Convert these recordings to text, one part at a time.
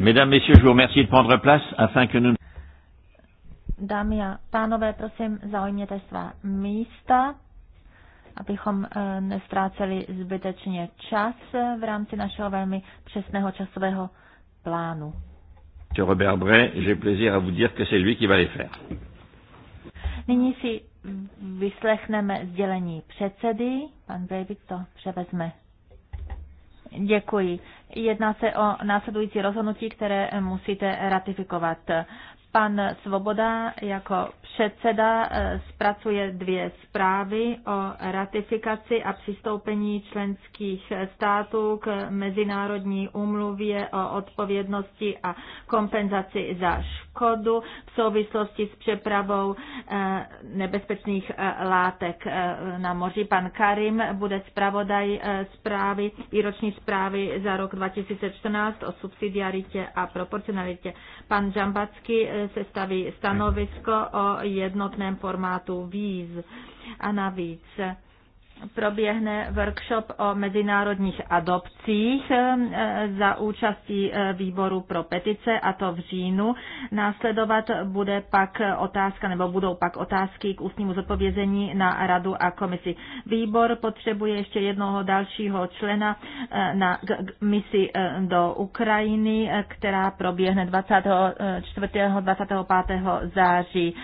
Mesdames, Messieurs, je vous remercie de prendre place afin que nous... Dámy a pánové, prosím, zaujměte svá místa, abychom e, nestráceli zbytečně čas eh, v rámci našeho velmi přesného časového plánu. Robert Bray, j'ai plaisir à vous dire que c'est lui qui va les faire. Nyní si vyslechneme sdělení předsedy. Pan Bray to převezme. Děkuji. Jedná se o následující rozhodnutí, které musíte ratifikovat. Pan Svoboda jako předseda eh, zpracuje dvě zprávy o ratifikaci a přistoupení členských států k Mezinárodní úmluvě o odpovědnosti a kompenzaci za škodu v souvislosti s přepravou eh, nebezpečných eh, látek na moři. Pan Karim bude zpravodaj zprávy, výroční zprávy za rok 2014 o subsidiaritě a proporcionalitě. Pan Žambacký se staví stanovisko o jednotném formátu víz a navíc proběhne workshop o mezinárodních adopcích eh, za účastí eh, výboru pro petice a to v říjnu. Následovat bude pak otázka nebo budou pak otázky k ústnímu zodpovězení na radu a komisi. Výbor potřebuje ještě jednoho dalšího člena eh, na misi do Ukrajiny, která proběhne 24. 25. září.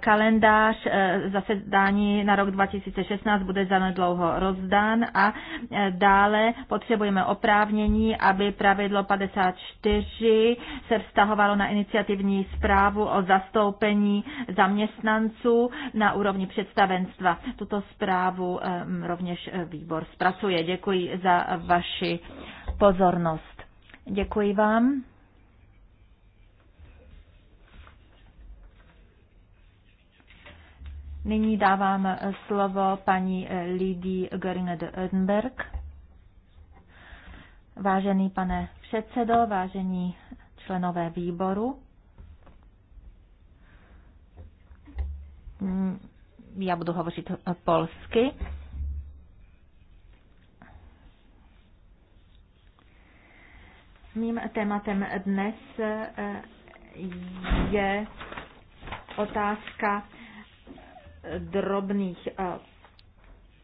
Kalendář zasedání na rok 2016 bude zanedbán dlouho rozdán a e, dále potřebujeme oprávnění, aby pravidlo 54 se vztahovalo na iniciativní zprávu o zastoupení zaměstnanců na úrovni představenstva. Tuto zprávu e, rovněž e, výbor zpracuje. Děkuji za vaši pozornost. Děkuji vám. Nyní dávám eh, slovo paní eh, Lidii Göring de Ödenberg. Vážený pane předsedo, vážení členové výboru, mm, já budu hovořit eh, polsky. Mým tématem dnes je otázka drobných eh,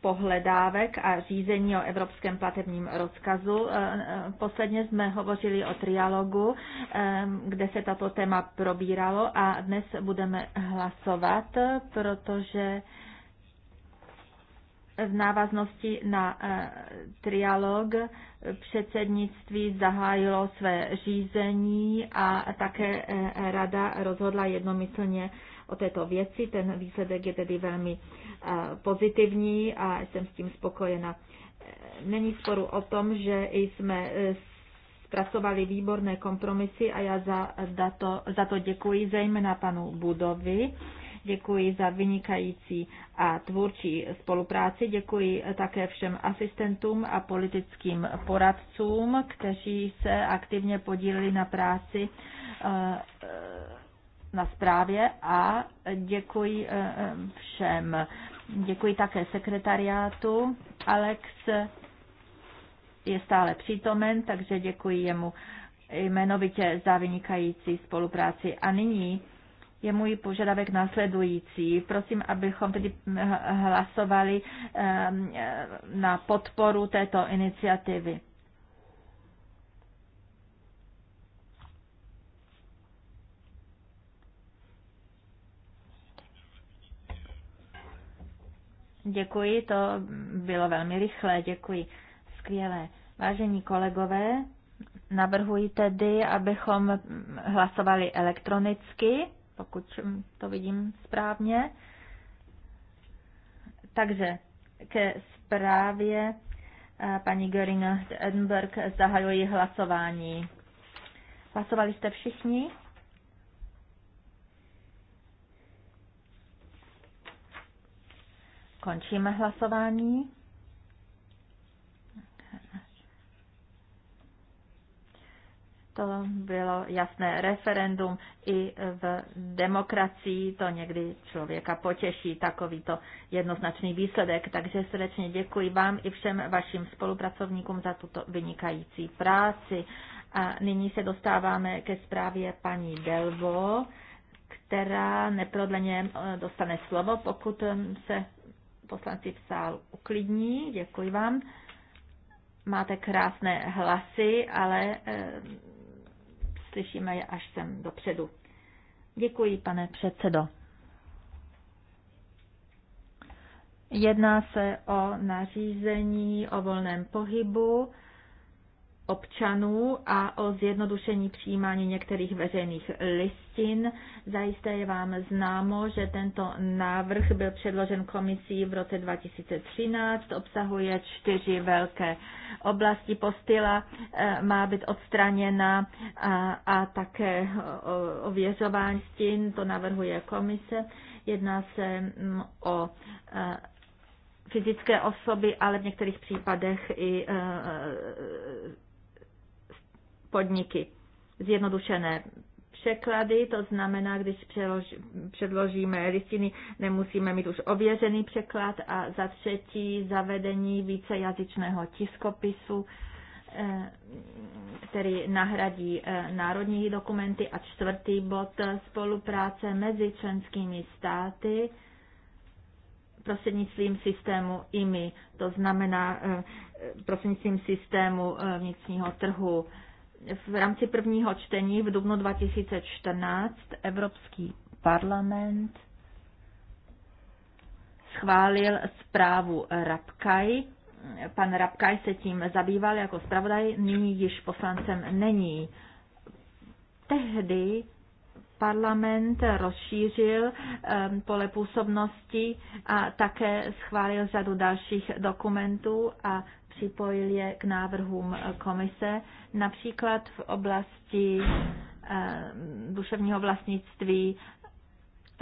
pohledávek a řízení o evropském platebním rozkazu. Eh, eh, posledně jsme hovořili o trialogu, kde se tato téma probíralo a dnes budeme hlasovat, protože v návaznosti na trialog předsednictví zahájilo své řízení a také rada rozhodla jednomyslně o této věci. Ten výsledek je tedy velmi eh, pozitivní a jsem s tím spokojena. Eh, není sporu o tom, že jsme eh, zpracovali výborné kompromisy a já za, za, to, za to děkuji zejména panu Budovi. Děkuji za vynikající a tvůrčí spolupráci. Děkuji také všem asistentům a politickým poradcům, kteří se aktivně podíleli na práci na zprávě a děkuji eh, eh, všem. Děkuji také sekretariátu. Alex je stále přítomen, takže děkuji jemu jmenovitě za vynikající spolupráci. A nyní je můj požadavek následující. Prosím, abychom tedy hlasovali eh, na podporu této iniciativy. Děkuji, to bylo velmi rychlé, děkuji. Skvělé. Vážení kolegové, navrhuji tedy, abychom hlasovali elektronicky, pokud to vidím správně. Takže ke zprávě eh, paní Göring Edinburgh zahajuji hlasování. Hlasovali jste všichni? Končíme hlasování. To bylo jasné referendum i v demokracii. To někdy člověka potěší takovýto jednoznačný výsledek. Takže srdečně děkuji vám i všem vašim spolupracovníkům za tuto vynikající práci. A nyní se dostáváme ke zprávě paní Delvo, která neprodleně eh, dostane slovo, pokud eh, se poslanci v sál uklidní. Děkuji vám. Máte krásné hlasy, ale e, slyšíme je až sem dopředu. Děkuji, pane předsedo. Jedná se o nařízení o volném pohybu občanů a o zjednodušení přijímání některých veřejných listin. Zajisté je vám známo, že tento návrh byl předložen komisí v roce 2013, obsahuje čtyři velké oblasti. Postila eh, má být odstraněna a, a také ověřování listin. to navrhuje komise. Jedná se mm, o eh, fyzické osoby, ale v některých případech i eh, podniky. Zjednodušené překlady, to znamená, když přelož, předložíme listiny, nemusíme mít už ověřený překlad a za třetí zavedení vícejazyčného tiskopisu, eh, který nahradí eh, národní dokumenty a čtvrtý bod eh, spolupráce mezi členskými státy prostřednictvím systému IMI, to znamená prostřednictvím systému vnitřního trhu v rámci prvního čtení v dubnu 2014 Evropský parlament schválil zprávu Rabkaj. Pan Rabkaj se tím zabýval jako zpravodaj, nyní již poslancem není. Tehdy Parlament rozšířil ehm, pole působnosti a také schválil řadu dalších dokumentů a připojil je k návrhům komise, například v oblasti ehm, duševního vlastnictví,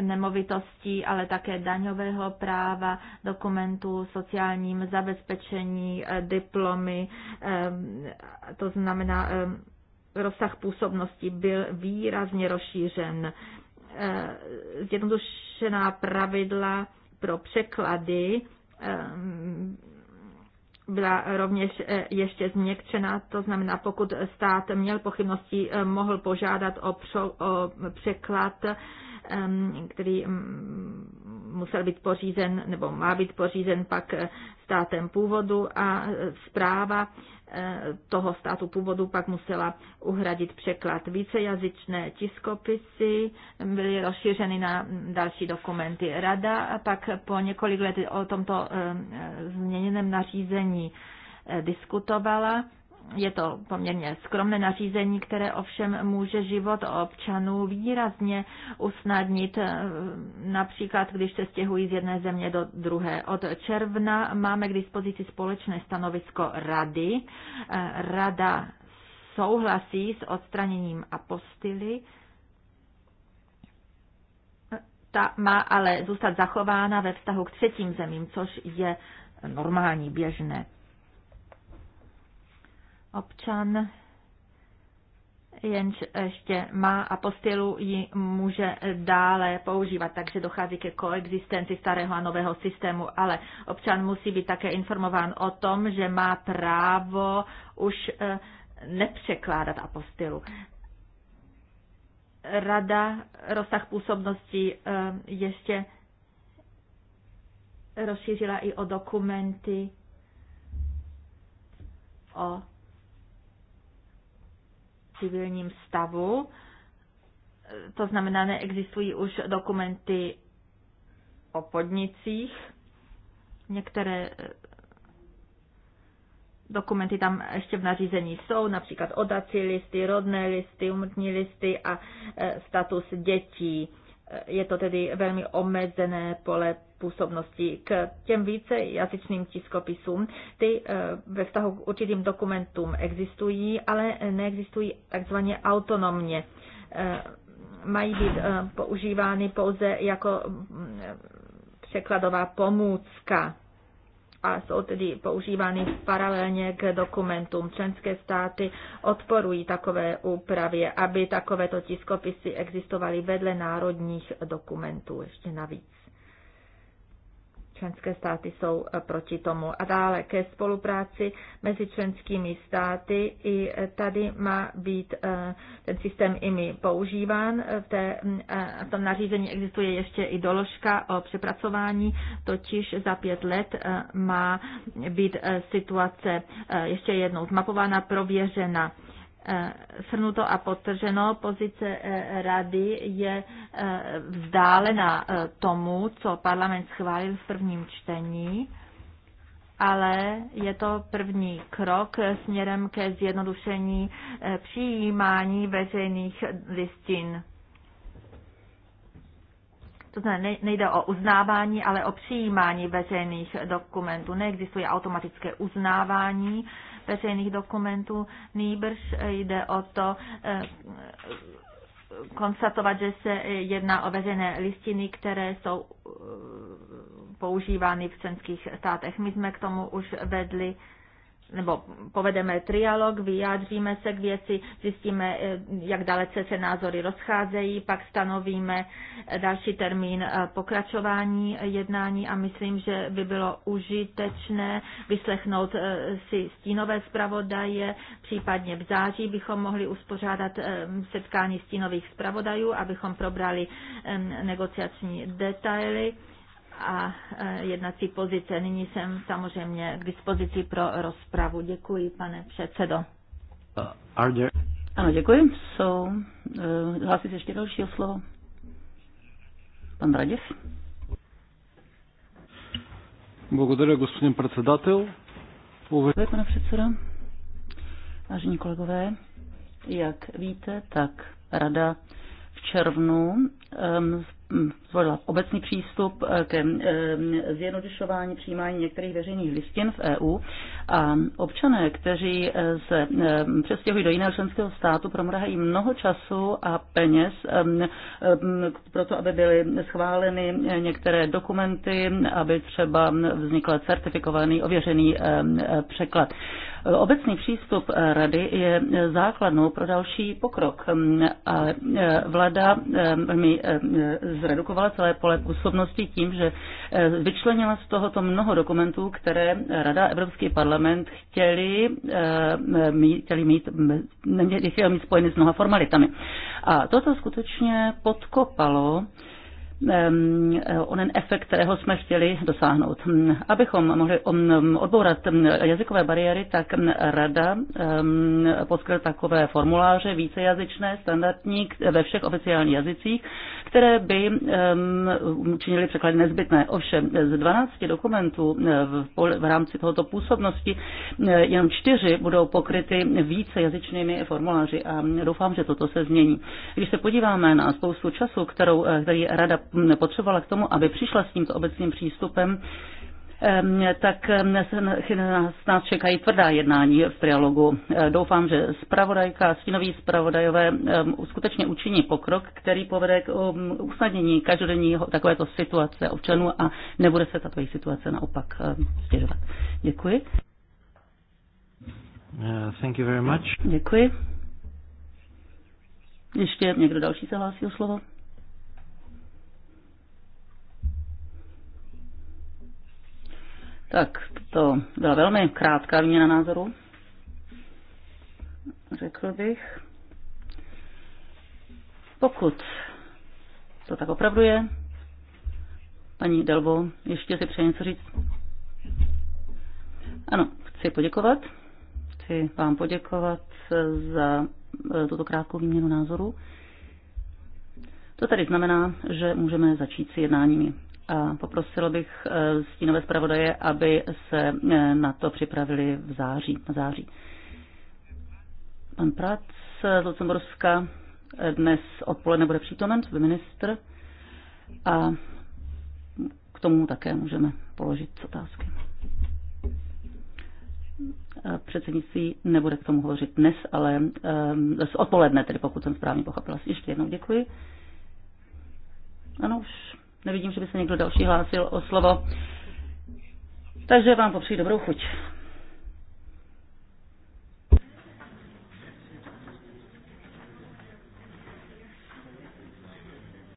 nemovitostí, ale také daňového práva, dokumentů, sociálním zabezpečení, eh, diplomy, ehm, to znamená rozsah působnosti byl výrazně rozšířen. Eh, zjednodušená pravidla pro překlady eh, byla rovněž eh, ještě změkčena, to znamená, pokud stát měl pochybnosti, mohl požádat o, překlad který musel být pořízen nebo má být pořízen pak eh, státem původu a eh, zpráva eh, toho státu původu pak musela uhradit překlad. Vícejazyčné tiskopisy byly rozšířeny na další dokumenty. Rada a pak po několik let o tomto změněném nařízení diskutovala je to poměrně skromné nařízení, které ovšem může život občanů výrazně usnadnit, e, například když se stěhují z jedné země do druhé. Od června máme k dispozici společné stanovisko rady. E, rada souhlasí s odstraněním apostily, ta má ale zůstat zachována ve vztahu k třetím zemím, což je normální, běžné občan jenž ještě má apostilu, ji může dále používat, takže dochází ke koexistenci starého a nového systému, ale občan musí být také informován o tom, že má právo už eh, nepřekládat apostilu. Rada rozsah působnosti eh, ještě rozšířila i o dokumenty o civilním stavu. To znamená, neexistují už dokumenty o podnicích. Některé eh, dokumenty tam ještě v nařízení jsou, například odací listy, rodné listy, umrtní listy a eh, status dětí. Eh, je to tedy velmi omezené pole působnosti k těm více jazyčným tiskopisům. Ty eh, ve vztahu k určitým dokumentům existují, ale neexistují takzvaně autonomně. Eh, mají být eh, používány pouze jako mm, překladová pomůcka a jsou tedy používány paralelně k dokumentům. Členské státy odporují takové úpravě, aby takovéto tiskopisy existovaly vedle národních dokumentů ještě navíc členské státy jsou eh, proti tomu. A dále ke spolupráci mezi členskými státy. I eh, tady má být eh, ten systém IMI používán. V, té, mm, v tom nařízení existuje ještě i doložka o přepracování, totiž za pět let má být situace ještě jednou zmapována, prověřena Eh, shrnuto a potrženo, pozice eh, rady je eh, vzdálená tomu, co parlament schválil v prvním čtení, ale je to první krok směrem ke zjednodušení přijímání veřejných listin. To znamená, nejde o uznávání, ale o přijímání veřejných dokumentů. Neexistuje automatické uznávání veřejných dokumentů, nýbrž jde o to eh, konstatovat, že se jedná o veřejné listiny, které jsou eh, používány v členských státech. My jsme k tomu už vedli nebo povedeme trialog, vyjádříme se k věci, zjistíme, eh, jak dalece se názory rozcházejí, pak stanovíme eh, další termín eh, pokračování jednání a myslím, že by bylo užitečné vyslechnout si stínové zpravodaje, případně v září bychom mohli uspořádat setkání stínových zpravodajů, abychom probrali negociační detaily a e, jednací pozice. Nyní jsem samozřejmě k dispozici pro rozpravu. Děkuji, pane předsedo. Uh, ano, děkuji. So, uh, e, hlásí se ještě dalšího slovo? Pan Raděv. Děkuji, господин председател. Děkuji, pane předsedo, vážení kolegové, jak víte, tak Rada v červnu um, zvolila obecný přístup eh, ke eh, zjednodušování přijímání některých veřejných listin v EU a občané, kteří eh, se přestěhují do jiného členského státu, promrhají mnoho času a peněz ehm, ehm, pro to, aby byly schváleny některé dokumenty, aby třeba vznikl certifikovaný ověřený ehm, překlad. Obecný přístup eh, rady je eh, základnou pro další pokrok. Mm, A eh, vláda mi zredukovala celé pole působnosti tím, že vyčlenila z tohoto mnoho dokumentů, které Rada Evropský parlament chtěli mít, chtěli mít, chtěli mít spojeny s mnoha formalitami. A toto skutečně podkopalo onen efekt, kterého jsme chtěli dosáhnout. Abychom mohli odbourat jazykové bariéry, tak rada poskyl takové formuláře vícejazyčné, standardní ve všech oficiálních jazycích, které by činily překlady nezbytné. Ovšem z 12 dokumentů v rámci tohoto působnosti jenom čtyři budou pokryty vícejazyčnými formuláři a doufám, že toto se změní. Když se podíváme na spoustu času, kterou, eh, který rada potřebovala k tomu, aby přišla s tímto obecným přístupem, tak nás čekají tvrdá jednání v trialogu. E, doufám, že zpravodajka a stínoví zpravodajové skutečně učiní pokrok, který povede k um, usnadnění každodenní takovéto situace občanů a nebude se tato situace naopak stěžovat. Děkuji. Uh, thank you very much. Děkuji. Ještě někdo další se hlásí o slovo? Tak to byla velmi krátká výměna názoru, řekl bych. Pokud to tak opravdu je, paní Delbo, ještě si přeji něco říct? Ano, chci poděkovat. Chci vám poděkovat za eh, tuto krátkou výměnu názoru. To tady znamená, že můžeme začít s jednáními a poprosila bych eh, stínové zpravodaje, aby se eh, na to připravili v září. Na září. Pan Prac z Lucemburska dnes odpoledne bude přítomen, to ministr, a k tomu také můžeme položit otázky. Eh, předsednictví nebude k tomu hovořit dnes, ale z odpoledne, tedy pokud jsem správně pochopila. Ještě jednou děkuji. Ano, už Nevidím, že by se někdo další hlásil o slovo. Takže vám popřeji dobrou chuť.